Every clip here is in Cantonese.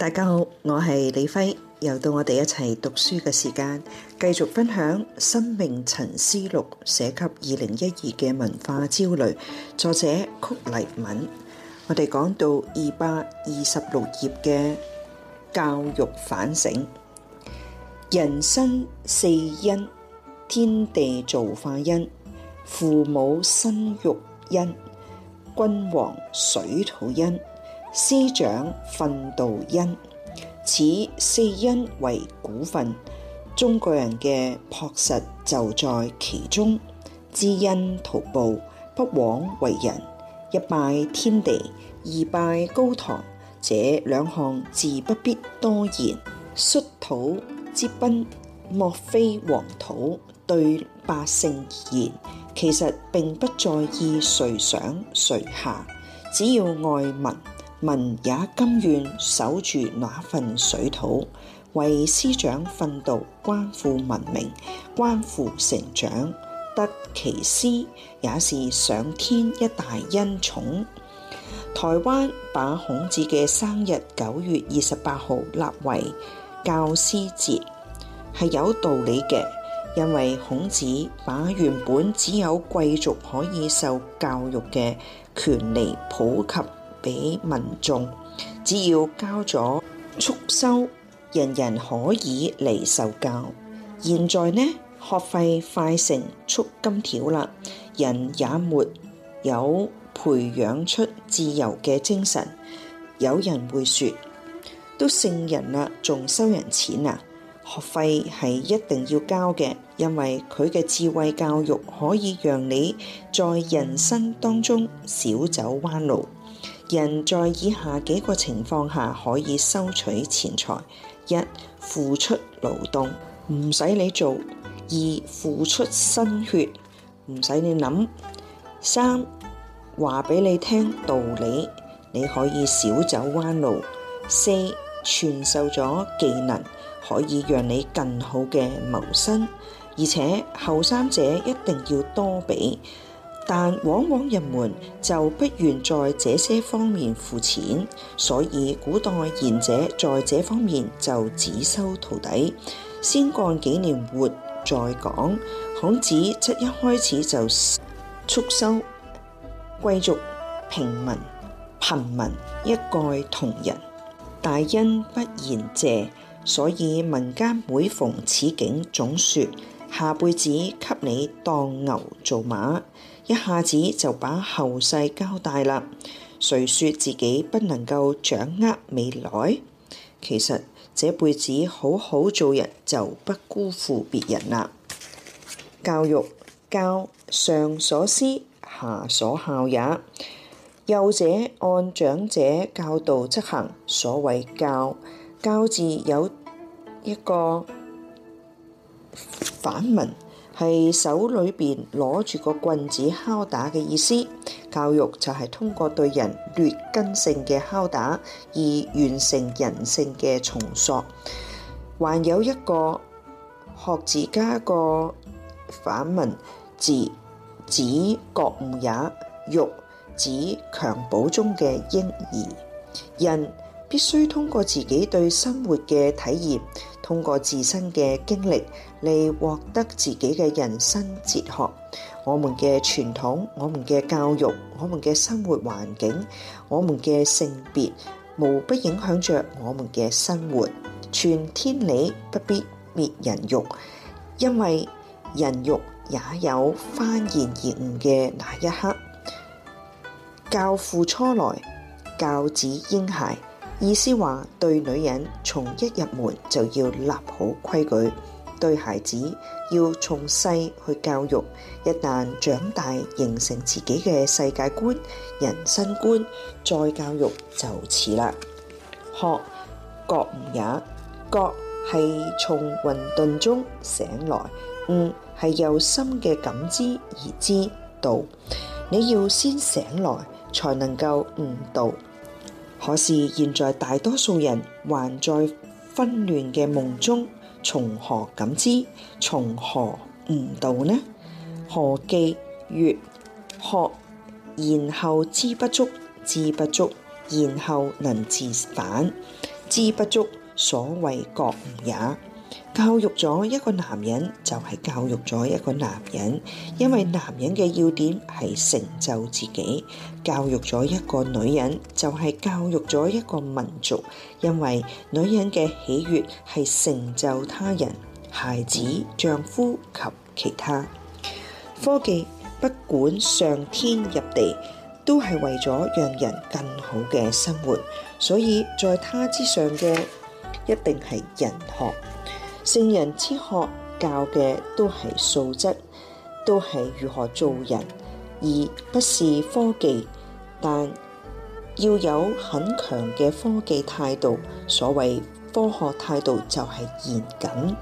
大家好，我係李輝，又到我哋一齊讀書嘅時間，繼續分享《生命沉思錄》寫給二零一二嘅文化焦慮，作者曲黎敏。我哋講到二百二十六頁嘅教育反省，人生四恩：天地造化恩、父母生育恩、君王水土恩。師長訓導恩，此四恩為古訓。中國人嘅樸實就在其中。知恩圖報，不枉為人。一拜天地，二拜高堂，這兩項自不必多言。率土之濱，莫非黃土？對百姓而言，其實並不在意誰上誰下，只要愛民。民也甘願守住那份水土，為師長奮鬥，關乎文明，關乎成長，得其師也是上天一大恩寵。台灣把孔子嘅生日九月二十八號立為教師節，係有道理嘅，因為孔子把原本只有貴族可以受教育嘅權利普及俾民眾，只要交咗束脩，人人可以嚟受教。現在呢，學費快成束金條啦，人也沒有培養出自由嘅精神。有人會説：都聖人啦，仲收人錢啊？學費係一定要交嘅，因為佢嘅智慧教育可以讓你在人生當中少走彎路。人在以下幾個情況下可以收取錢財：一、付出勞動，唔使你做；二、付出心血，唔使你諗；三、話俾你聽道理，你可以少走彎路；四、傳授咗技能，可以讓你更好嘅謀生。而且後三者一定要多俾。但往往人們就不願在這些方面付錢，所以古代賢者在這方面就只收徒弟，先幹幾年活再講。孔子則一開始就速收貴族、平民、貧民一概同仁，大恩不言謝，所以民間每逢此景總說：下輩子給你當牛做馬。一下子就把後世交代啦，誰說自己不能夠掌握未來？其實這輩子好好做人就不辜負別人啦。教育，教上所施，下所效也，幼者按長者教導執行，所謂教，教字有一個反文。係手裏邊攞住個棍子敲打嘅意思，教育就係通過對人劣根性嘅敲打而完成人性嘅重塑。還有一個學字加個反文字，子覺悟也，欲指襁褓中嘅嬰兒，人必須通過自己對生活嘅體驗。通過自身嘅經歷嚟獲得自己嘅人生哲學。我們嘅傳統、我們嘅教育、我們嘅生活環境、我們嘅性別，無不影響着我們嘅生活。全天理，不必滅人欲，因為人欲也有幡然而悟嘅那一刻。教父初來，教子嬰孩。意思話，對女人從一入門就要立好規矩；對孩子要從細去教育，一旦長大形成自己嘅世界觀、人生觀，再教育就遲啦。學覺悟也，覺係從混沌中醒來，悟係由心嘅感知而知道。你要先醒來，才能夠悟道。可是現在大多數人還在昏亂嘅夢中，從何感知？從何悟道呢？何記曰：學然後知不足，知不足然後能自反，知不足所謂覺悟也。教育咗一個男人就係教育咗一個男人，因為男人嘅要點係成就自己；教育咗一個女人就係教育咗一個民族，因為女人嘅喜悦係成就他人、孩子、丈夫及其他。科技不管上天入地，都係為咗讓人更好嘅生活，所以在它之上嘅一定係人學。聖人之學教嘅都係素質，都係如何做人，而不是科技。但要有很強嘅科技態度。所謂科學態度就係嚴謹，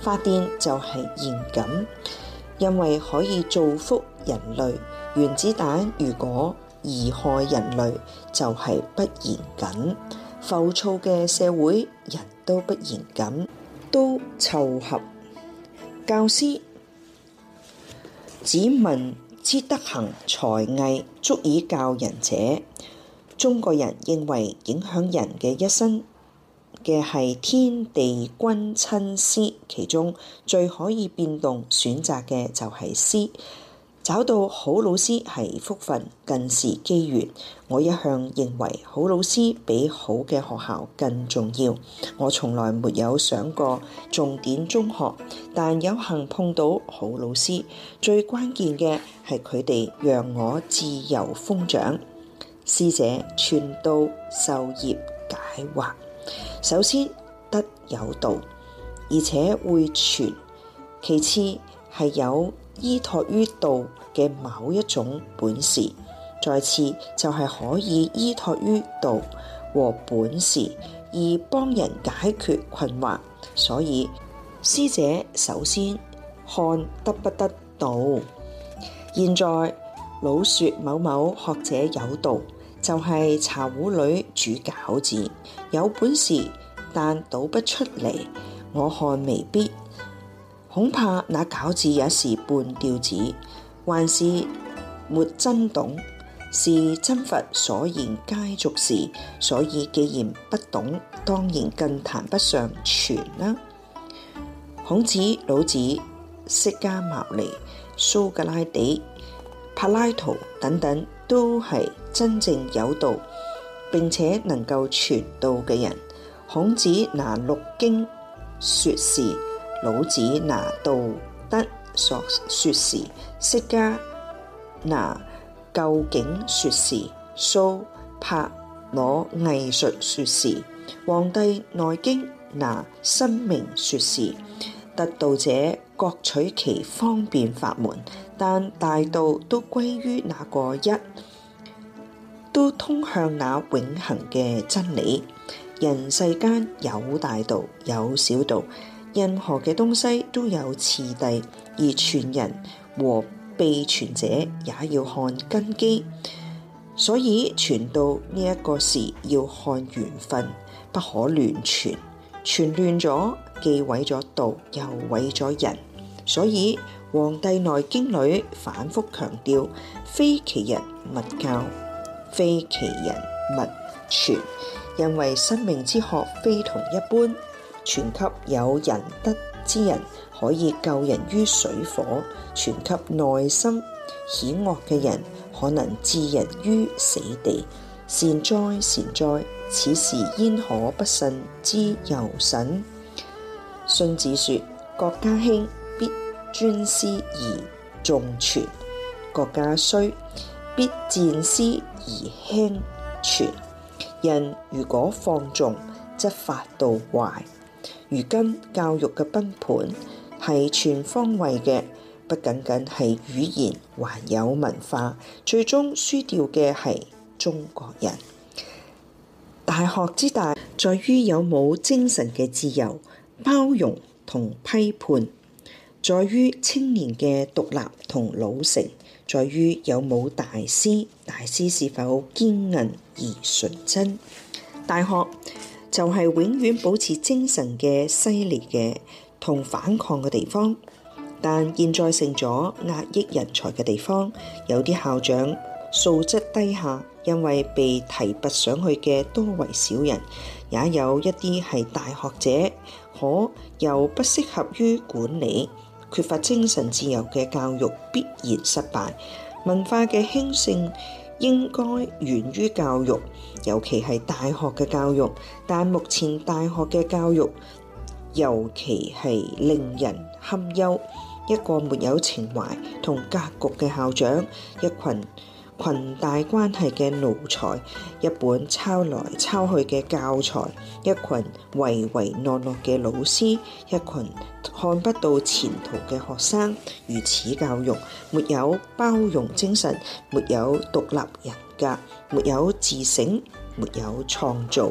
發電就係嚴謹，因為可以造福人類。原子彈如果貽害人類，就係、是、不嚴謹。浮躁嘅社會，人都不嚴謹。都湊合。教師子民之德行，才藝足以教人者。中國人認為影響人嘅一生嘅係天地君親師，其中最可以變動選擇嘅就係師。找到好老師係福分，更是機緣。我一向認為好老師比好嘅學校更重要。我從來沒有上過重點中學，但有幸碰到好老師。最關鍵嘅係佢哋讓我自由瘋長。師者傳道授業解惑。首先得有道，而且會傳。其次係有。依託於道嘅某一種本事，再次就係可以依託於道和本事而幫人解決困惑。所以師者首先看得不得道。現在老説某某學者有道，就係茶壺裏煮餃子，有本事但倒不出嚟，我看未必。恐怕那餃子也是半吊子，還是沒真懂。是真佛所言皆俗事，所以既然不懂，當然更談不上傳啦。孔子、老子、釋迦牟尼、蘇格拉底、柏拉圖等等，都係真正有道並且能夠傳道嘅人。孔子拿六經説事。老子拿道德所說事，釋迦拿究竟說事，蘇柏攞藝術說事，黃帝內經拿生命說事。得道者各取其方便法門，但大道都歸於那個一，都通向那永恒嘅真理。人世間有大道，有小道。任何嘅東西都有次第，而傳人和被傳者也要看根基。所以傳道呢一個事要看緣分，不可亂傳。傳亂咗既毀咗道，又毀咗人。所以《黃帝內經》裏反覆強調：非其人勿教，非其人勿傳。因為生命之學非同一般。傳給有仁德之人，可以救人於水火；傳給內心險惡嘅人，可能置人於死地。善哉，善哉！此事焉可不信之？由神荀子説：國家興必尊師而重傳，國家衰必戰師而輕傳。人如果放縱，則法度壞。如今教育嘅崩盤係全方位嘅，不僅僅係語言，還有文化。最終輸掉嘅係中國人。大學之大，在於有冇精神嘅自由、包容同批判；在於青年嘅獨立同老成；在於有冇大師，大師是否堅韌而純真。大學。就係永遠保持精神嘅犀利嘅同反抗嘅地方，但現在成咗壓抑人才嘅地方。有啲校長素質低下，因為被提拔上去嘅多為小人，也有一啲係大學者，可又不適合於管理，缺乏精神自由嘅教育必然失敗，文化嘅興盛，應該源於教育，尤其係大學嘅教育。但目前大學嘅教育，尤其係令人堪憂。一個沒有情懷同格局嘅校長，一群……裙帶關係嘅奴才，一本抄來抄去嘅教材，一群唯唯諾諾嘅老師，一群看不到前途嘅學生，如此教育，沒有包容精神，沒有獨立人格，沒有自省，沒有創造，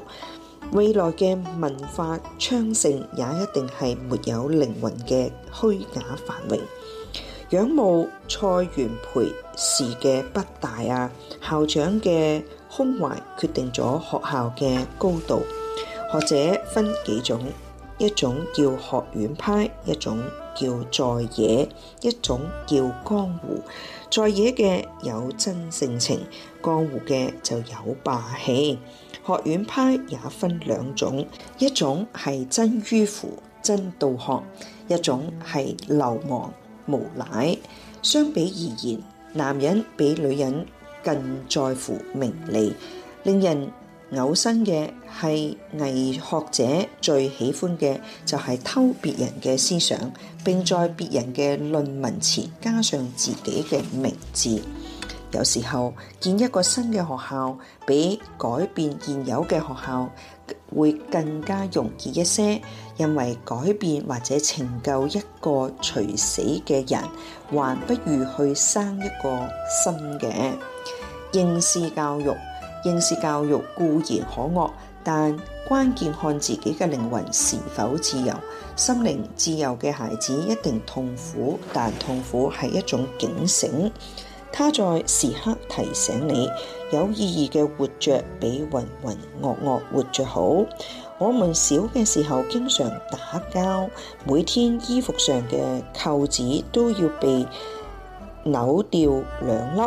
未來嘅文化昌盛也一定係沒有靈魂嘅虛假繁榮。仰慕蔡元培時嘅北大啊，校長嘅胸懷決定咗學校嘅高度。學者分幾種，一種叫學院派，一種叫在野，一種叫江湖。在野嘅有真性情，江湖嘅就有霸氣。學院派也分兩種，一種係真迂腐、真道學，一種係流氓。無賴。相比而言，男人比女人更在乎名利。令人嘔心嘅係偽學者最喜歡嘅就係偷別人嘅思想，並在別人嘅論文前加上自己嘅名字。有時候建一個新嘅學校，比改變現有嘅學校會更加容易一些，因為改變或者拯救一個除死嘅人，還不如去生一個新嘅。應試教育，應試教育固然可惡，但關鍵看自己嘅靈魂是否自由。心靈自由嘅孩子一定痛苦，但痛苦係一種警醒。他在時刻提醒你，有意義嘅活着比混混噩噩活着好。我們小嘅時候經常打交，每天衣服上嘅扣子都要被扭掉兩粒。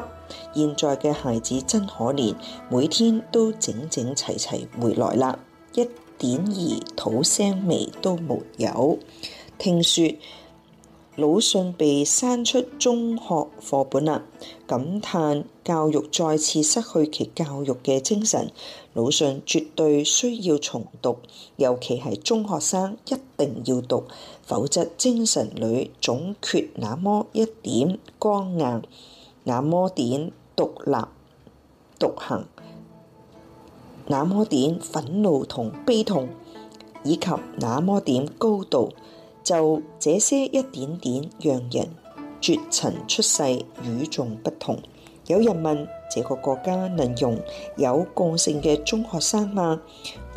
現在嘅孩子真可憐，每天都整整齊齊回來啦，一點兒土腥味都沒有。聽說，魯迅被刪出中學課本啦，感嘆教育再次失去其教育嘅精神。魯迅絕對需要重讀，尤其係中學生一定要讀，否則精神裏總缺那麼一點剛硬，那麼點獨立獨行，那麼點憤怒同悲痛，以及那麼點高度。就這些一點點讓人絕塵出世，與眾不同。有人問，這個國家能容有個性嘅中學生嗎？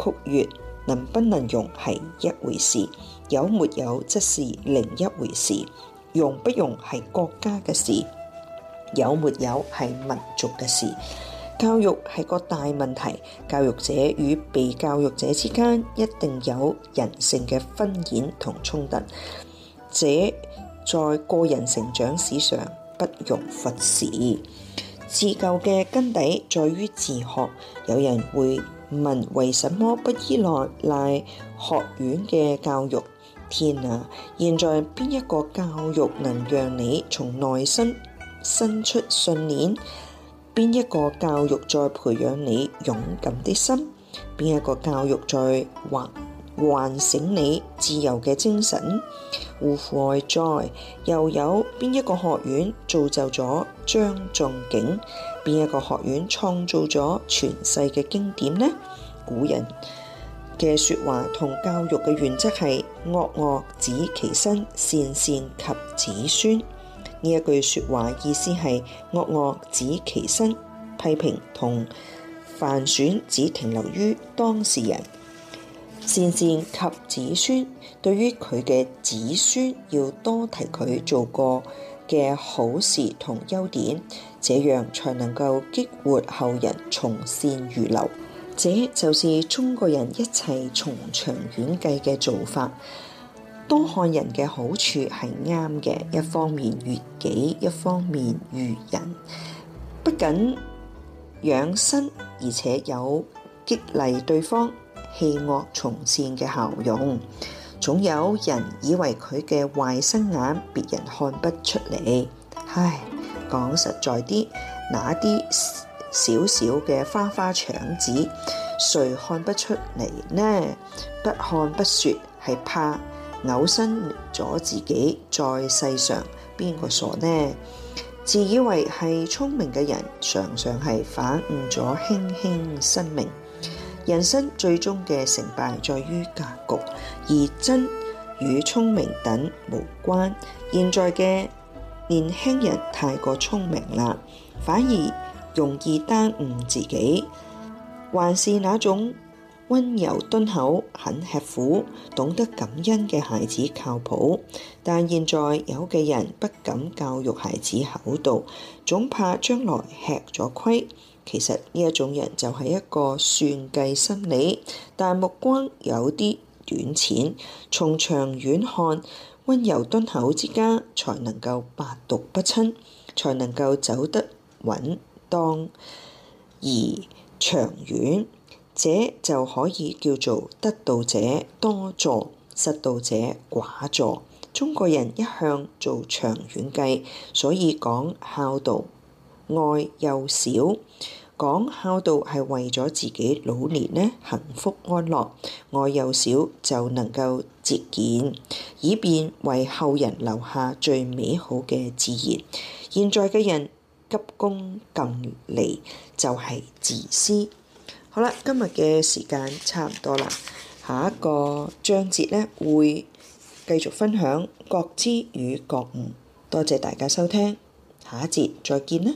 曲月能不能容係一回事，有沒有則是另一回事。容不容係國家嘅事，有沒有係民族嘅事。教育係個大問題，教育者與被教育者之間一定有人性嘅紛擾同衝突，這在個人成長史上不容忽視。自救嘅根底在於自學。有人會問：為什麼不依賴賴學院嘅教育？天啊！現在邊一個教育能讓你從內心生出信念？邊一個教育在培養你勇敢的心？邊一個教育在喚喚醒你自由嘅精神？戶阜外在又有邊一個學院造就咗張仲景？邊一個學院創造咗全世嘅經典呢？古人嘅說話同教育嘅原則係惡惡止其身，善善及子孫。呢一句説話意思係惡惡止其身，批評同犯損只停留於當事人；善善及子孫，對於佢嘅子孫要多提佢做過嘅好事同優點，這樣才能夠激活後人從善如流。這就是中國人一切從長遠計嘅做法。多看人嘅好處，係啱嘅，一方面悦己，一方面悦人。不僅養生，而且有激勵對方棄惡從善嘅效用。總有人以為佢嘅壞心眼，別人看不出嚟。唉，講實在啲，那啲小小嘅花花腸子，誰看不出嚟呢？不看不說，係怕。扭身咗自己，在世上邊個傻呢？自以為係聰明嘅人，常常係反誤咗卿卿性命。人生最終嘅成敗，在於格局，而真與聰明等無關。現在嘅年輕人太過聰明啦，反而容易耽誤自己，還是那種。溫柔敦厚、肯吃苦、懂得感恩嘅孩子靠譜，但現在有嘅人不敢教育孩子厚道，總怕將來吃咗虧。其實呢一種人就係一個算計心理，但目光有啲短淺。從長遠看，溫柔敦厚之家才能夠百毒不侵，才能夠走得穩當而長遠。這就可以叫做得道者多助，失道者寡助。中國人一向做長遠計，所以講孝道，愛幼小。講孝道係為咗自己老年呢幸福安樂，愛幼小就能夠節儉，以便為後人留下最美好嘅自然。現在嘅人急功近利，就係、是、自私。好啦，今日嘅時間差唔多啦，下一個章節咧會繼續分享覺知與覺悟，多謝大家收聽，下一節再見啦。